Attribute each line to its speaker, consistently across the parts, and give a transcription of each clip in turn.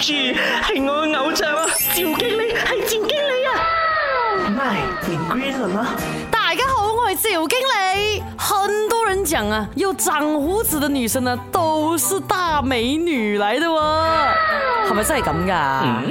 Speaker 1: 係我嘅偶像啊，趙經理係趙經理啊，唔係變 green 了嗎？大家好，我係趙經理。很多人講啊，有長鬍子嘅女生呢，都是大美女嚟嘅喎。係咪真係咁噶？嗯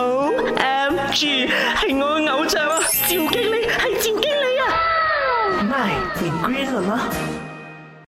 Speaker 1: O M G，係我嘅偶像啊！趙經理，係趙經理啊！我嘅貴人呀。